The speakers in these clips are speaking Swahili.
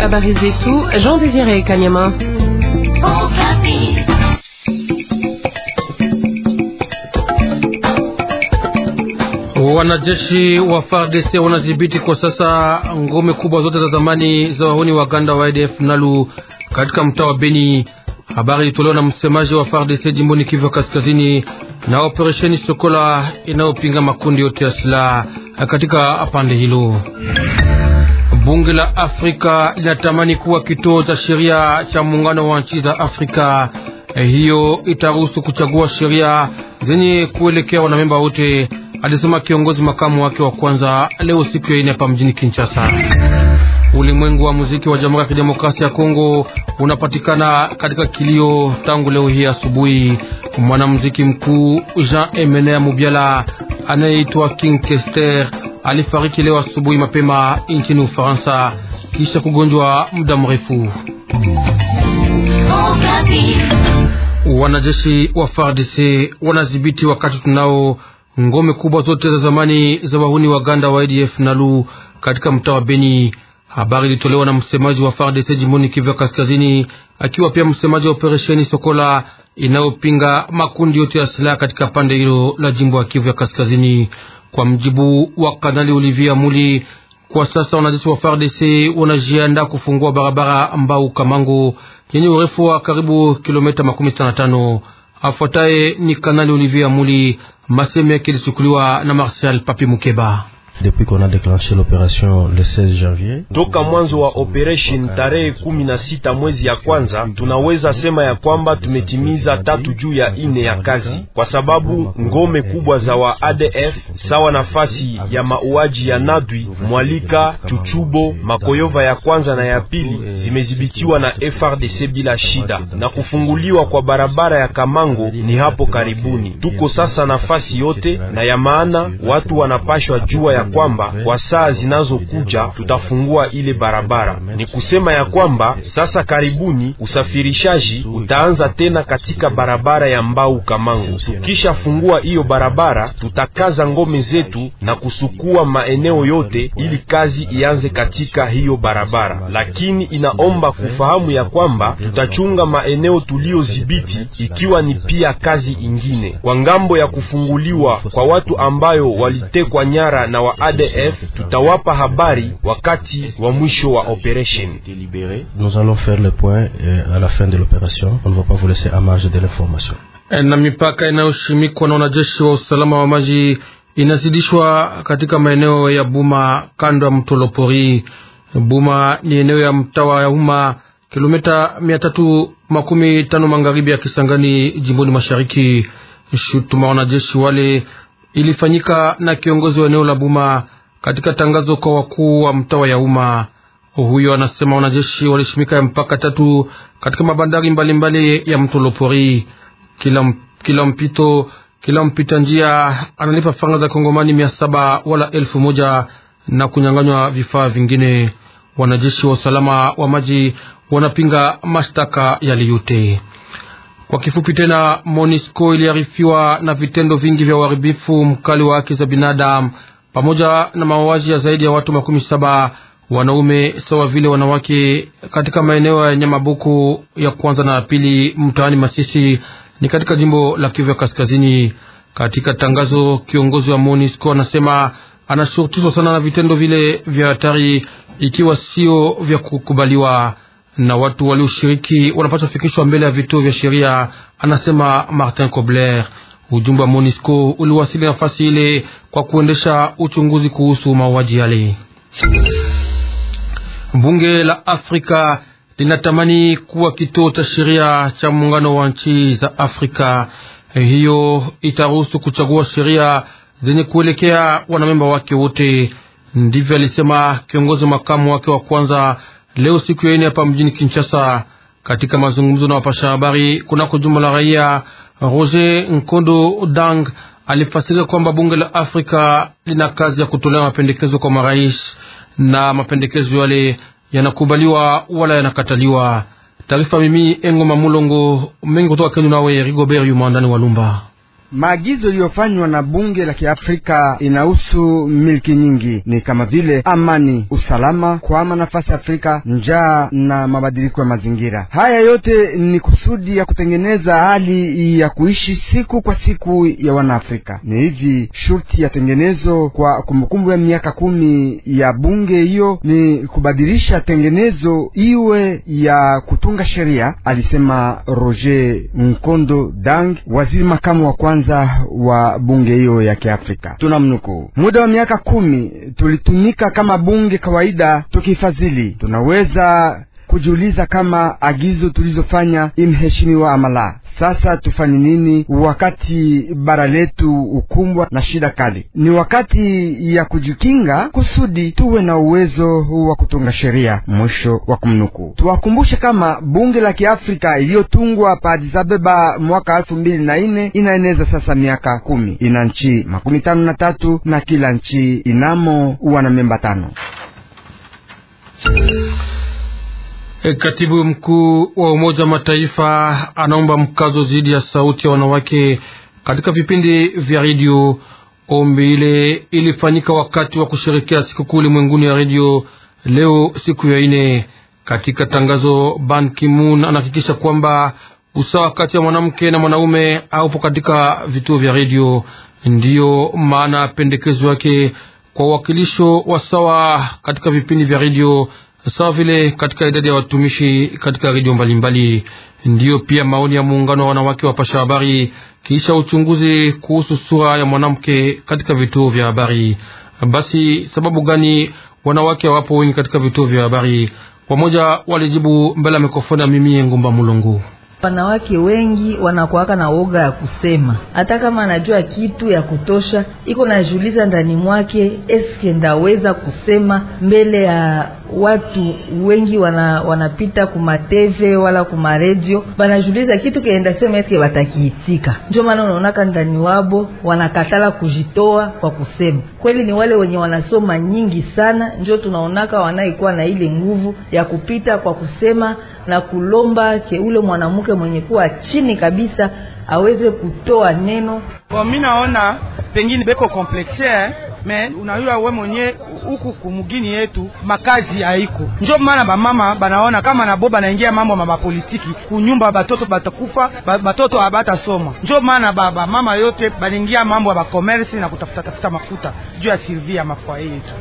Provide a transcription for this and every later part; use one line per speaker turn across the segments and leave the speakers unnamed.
Habari zetu Jean Désiré
Kanyama. Wanajeshi wa FARDC wanadhibiti kwa sasa ngome kubwa zote za zamani za wahuni Waganda wa ADF Nalu katika mtaa wa Beni. Habari ilitolewa na msemaji wa FARDC jimboni Kivu Kaskazini na operesheni Sokola inayopinga makundi yote ya silaha katika pande hilo. Bunge la Afrika linatamani kuwa kituo cha sheria cha muungano wa nchi za Afrika. Eh, hiyo itaruhusu kuchagua sheria zenye kuelekea wanamemba wote, alisema kiongozi makamu wake wa kwanza leo siku ya ine hapa mjini Kinshasa. Ulimwengu wa muziki wa Jamhuri ya Kidemokrasia ya Kongo unapatikana katika kilio tangu leo hii asubuhi. Mwanamuziki mkuu Jean emene Mubiala anayeitwa King Kester alifariki leo asubuhi mapema nchini Ufaransa kisha kugonjwa muda mrefu. Wanajeshi wa FARDC wanadhibiti wakati tunao ngome kubwa zote za zamani za wahuni wa ganda wa ADF Nalu katika mtaa wa Beni. Habari ilitolewa na msemaji wa FARDC jimboni Kivu Kaskazini, akiwa pia msemaji wa operesheni Sokola inayopinga makundi yote ya silaha katika pande hilo la jimbo ya Kivu ya Kaskazini. Kwa mjibu wa Kanali Olivier Muli, kwa sasa wanajeshi wa FARDC wanajiandaa kufungua barabara Mbau Kamango yenye urefu wa karibu kilomita makumi sita na tano. Afuataye ni Kanali Olivier Muli, maseme yake ilichukuliwa na Marshal Papi Mukeba
depuis qu'on a déclenché l'opération le 16 janvier. Toka mwanzo wa operation tarehe kumi na sita mwezi ya kwanza, tunaweza sema ya kwamba tumetimiza tatu juu ya ine ya kazi, kwa sababu ngome kubwa za wa ADF sawa nafasi ya mauaji ya Nadwi, Mwalika, Chuchubo, Makoyova ya kwanza na ya pili zimedhibitiwa na FARDC bila shida, na kufunguliwa kwa barabara ya Kamango ni hapo karibuni. Tuko sasa nafasi yote na ya maana, watu wanapashwa jua ya kwamba kwa saa zinazokuja tutafungua ile barabara. Ni kusema ya kwamba sasa karibuni usafirishaji utaanza tena katika barabara ya Mbau Kamango. Tukishafungua hiyo barabara, tutakaza ngome zetu na kusukua maeneo yote ili kazi ianze katika hiyo barabara, lakini inaomba kufahamu ya kwamba tutachunga maeneo tuliyodhibiti, ikiwa ni pia kazi ingine kwa ngambo ya kufunguliwa kwa watu ambayo walitekwa nyara na wa ADF tutawapa habari wakati wa mwisho wa operation. Nous allons faire le point euh, à la fin de l'opération. On ne va pas vous laisser à marge de l'information.
Eh, na mipaka inayoshimikwa na wanajeshi wa usalama wa maji inazidishwa katika maeneo ya Buma kando ya mto Lopori. Buma ni eneo ya mtawa ya umma kilomita mia tatu makumi tano magharibi ya Kisangani, jimboni mashariki. Shutuma wanajeshi wale ilifanyika na kiongozi wa eneo la Buma katika tangazo kwa wakuu wa mtawa ya umma. Huyo anasema wanajeshi walishimika mpaka tatu katika mabandari mbalimbali mbali ya mto Lopori. Kila, kila mpito kila mpita njia analipa faranga za Kongomani mia saba wala elfu moja na kunyang'anywa vifaa vingine. Wanajeshi wa usalama wa maji wanapinga mashtaka yaliyote yote. Kwa kifupi tena, MONUSCO iliarifiwa na vitendo vingi vya uharibifu mkali wa haki za binadamu pamoja na mauaji ya zaidi ya watu makumi saba wanaume sawa vile wanawake katika maeneo ya Nyamabuku ya kwanza na ya pili mtaani Masisi ni katika jimbo la Kivu ya Kaskazini. Katika tangazo, kiongozi wa MONUSCO anasema anashurutishwa sana na vitendo vile vya hatari, ikiwa sio vya kukubaliwa na watu walioshiriki wanapaswa kufikishwa mbele ya vituo vya sheria, anasema Martin Kobler. Ujumbe wa Monisco uliwasili nafasi ile kwa kuendesha uchunguzi kuhusu mauaji yale. Bunge la Afrika linatamani kuwa kituo cha sheria cha muungano wa nchi za Afrika. Hiyo itaruhusu kuchagua sheria zenye kuelekea wanamemba wake wote, ndivyo alisema kiongozi makamu wake wa kwanza leo siku ya ine hapa mjini Kinshasa, katika mazungumzo na wapasha habari kunako juma la raia. Roger Nkondo Dang alifasiria kwamba bunge la Afrika lina kazi ya kutolea mapendekezo kwa marais na mapendekezo yale yanakubaliwa wala yanakataliwa. Taarifa mimi Engoma Mulongo mengi kutoka Kenya, nawe Rigobert Yumandani lumba
Maagizo iliyofanywa na bunge la Kiafrika inahusu miliki nyingi, ni kama vile amani, usalama, kuhama nafasi Afrika, njaa na mabadiliko ya mazingira. Haya yote ni kusudi ya kutengeneza hali ya kuishi siku kwa siku ya Wanaafrika. Ni hivi shurti ya tengenezo kwa kumbukumbu ya miaka kumi ya bunge hiyo ni kubadilisha tengenezo iwe ya kutunga sheria, alisema Roger Nkondo Dang, waziri makamu wa kwanza kwanza wa bunge hiyo ya Kiafrika. Tunamnukuu, muda wa miaka kumi tulitumika kama bunge kawaida tukifadhili, tunaweza kujiuliza kama agizo tulizofanya imheshimiwa amala. Sasa tufanye nini wakati bara letu ukumbwa na shida kali? Ni wakati ya kujikinga kusudi tuwe na uwezo wa kutunga sheria. Mwisho wa kumnuku. Tuwakumbushe kama bunge la Kiafrika iliyotungwa pa Addis Ababa mwaka elfu mbili na nne inaeneza sasa miaka kumi, ina nchi makumi tano na tatu na kila nchi inamo wanamemba
tano. E, katibu mkuu wa Umoja Mataifa anaomba mkazo zidi ya sauti ya wanawake katika vipindi vya redio. Ombi ile ilifanyika wakati wa kusherekea sikukuu ulimwenguni ya redio leo siku ya ine. Katika tangazo, Ban Ki-moon anahakikisha kwamba usawa kati ya mwanamke na mwanaume haupo katika vituo vya redio. Ndiyo maana pendekezo yake kwa uwakilisho wa sawa katika vipindi vya redio sawa vile katika idadi ya watumishi katika redio mbalimbali. Ndiyo pia maoni ya muungano wa wanawake wa pasha habari kisha uchunguzi kuhusu sura ya mwanamke katika vituo vya habari. Basi sababu gani wanawake hawapo wengi katika vituo vya habari? Wamoja walijibu mbele ya mikrofoni ya mimi Ngumba Mulungu.
Wanawake wengi wanakuwaka na woga ya kusema, hata kama anajua kitu ya kutosha, iko najiuliza ndani mwake, eske ndaweza kusema mbele ya watu wengi wana, wanapita kumateve wala kumaredio, banajuliza kitu keenda sema eske watakiitika. Ndio maana unaonaka ndani wabo wanakatala kujitoa kwa kusema kweli. Ni wale wenye wanasoma nyingi sana, ndio tunaonaka wanaikuwa na ile nguvu ya kupita kwa kusema na kulomba ke ule mwanamke mwenye kuwa chini kabisa aweze kutoa neno. Kwa mimi naona pengine beko kompleksia eh? me unayua we mwenye huku kumugini yetu makazi haiko, njo maana bamama banaona kama nabo banaingia mambo mama politiki kunyumba, batoto batakufa, batoto abatasoma. Njo maana baba mama yote baningia mambo ya bakomersi na kutafuta tafuta mafuta juu ya sirvi ya mafua yetu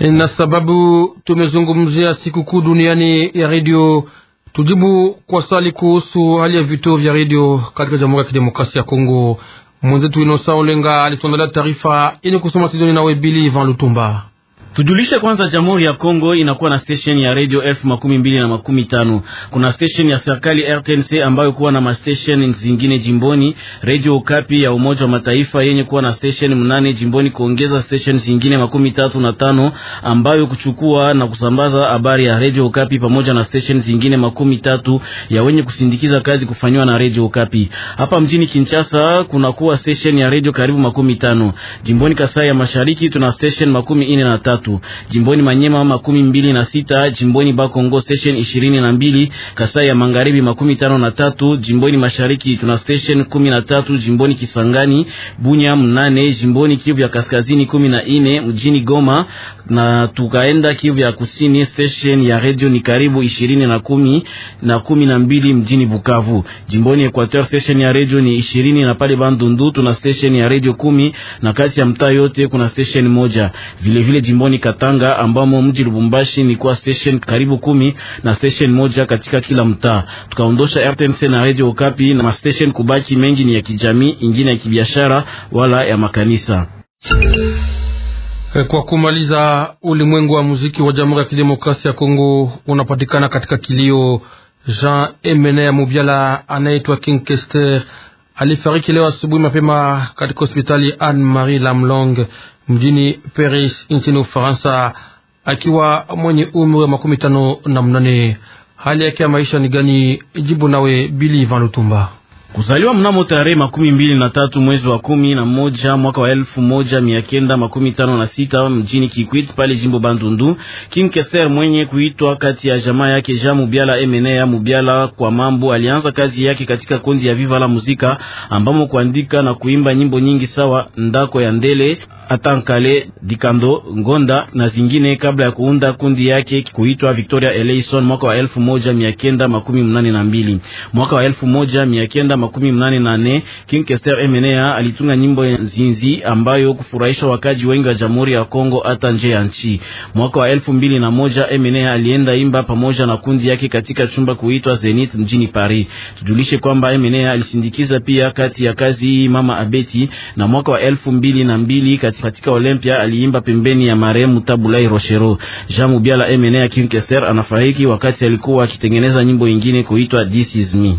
na sababu tumezungumzia sikukuu duniani ya redio, tujibu kwa swali kuhusu hali ya vituo vya redio katika Jamhuri ya Kidemokrasia ya Kongo. Mwenzetu Inosa Olenga alituandalia taarifa yenye kusoma Tidoni nawe Bili Van Lutumba.
Tujulishe kwanza, Jamhuri ya Kongo inakuwa na stesheni ya redio elfu makumi mbili na makumi tano. Kuna stesheni ya serikali RTNC ambayo kuwa na mastesheni zingine jimboni, redio Ukapi ya Umoja wa Mataifa yenye kuwa na stesheni mnane jimboni, kuongeza stesheni zingine makumi tatu na tano ambayo kuchukua na kusambaza habari ya redio Ukapi pamoja na stesheni zingine makumi tatu ya wenye kusindikiza kazi kufanywa na redio Ukapi. Hapa mjini Kinshasa kunakuwa stesheni ya redio karibu makumi tano. Jimboni Kasai ya Mashariki tuna stesheni makumi nne na tatu tatu, jimboni Manyema makumi mbili na sita, jimboni Bakongo station ishirini na mbili, Kasai ya Magharibi makumi tano na tatu, jimboni Mashariki tuna station kumi na tatu, jimboni Kisangani Bunya mnane, jimboni Kivu ya Kaskazini kumi na nne mjini Goma na tukaenda Kivu ya Kusini station ya redio ni karibu ishirini na kumi na kumi na mbili mjini Bukavu. Jimboni Equateur station ya redio ni ishirini na pale Bandundu tuna station ya redio kumi na kati ya mtaa yote kuna station moja vilevile vile jimboni jimboni Katanga ambamo mji Lubumbashi ni kwa station karibu kumi na station moja katika kila mtaa. Tukaondosha RTNC na Radio Okapi na station kubaki mengi ni ya kijamii, ingine ya
kibiashara wala ya makanisa. Eh, kwa kumaliza, ulimwengu wa muziki wa Jamhuri ya Kidemokrasia ya Kongo unapatikana katika kilio. Jean Emene Mubyala anaitwa King Kester alifariki leo asubuhi mapema katika hospitali Anne Marie Lamlong mjini Paris nchini Ufaransa akiwa mwenye umri wa makumi tano na mnane. Hali yake ya maisha ni gani? Jibu nawe Bili Van Lutumba. Kuzaliwa mnamo tarehe makumi mbili na tatu
mwezi wa kumi na moja mwaka wa elfu moja mia kenda makumi tano na sita mjini Kikwit pale jimbo Bandundu, Kim Kester mwenye kuitwa kati ya jamaa yake Jean Mubiala ya Mubiala kwa mambo alianza kazi yake katika kundi ya Viva la Muzika ambamo kuandika na kuimba nyimbo nyingi sawa Ndako ya Ndele, Atankale, Dikando, Ngonda na zingine kabla ya kuunda kundi yake kuitwa Victoria Eleison mwaka wa elfu moja mia kenda makumi mnane na mbili mwaka wa elfu moja mia kenda makumi mnane na nne King Kester Emenea alitunga nyimbo ya Nzinzi ambayo kufurahisha wakaji wengi wa Jamhuri ya Kongo hata nje ya nchi. Mwaka wa elfu mbili na moja Emenea alienda imba pamoja na kundi yake katika chumba kuitwa Zenith mjini Paris. Tujulishe kwamba Emenea alisindikiza pia kati ya kazi hii Mama Abeti, na mwaka wa elfu mbili na mbili katika Olympia aliimba pembeni ya marehemu Tabulai Rochero. Jean Mubiala Emenea King Kester anafariki wakati alikuwa akitengeneza nyimbo nyingine kuitwa This Is Me.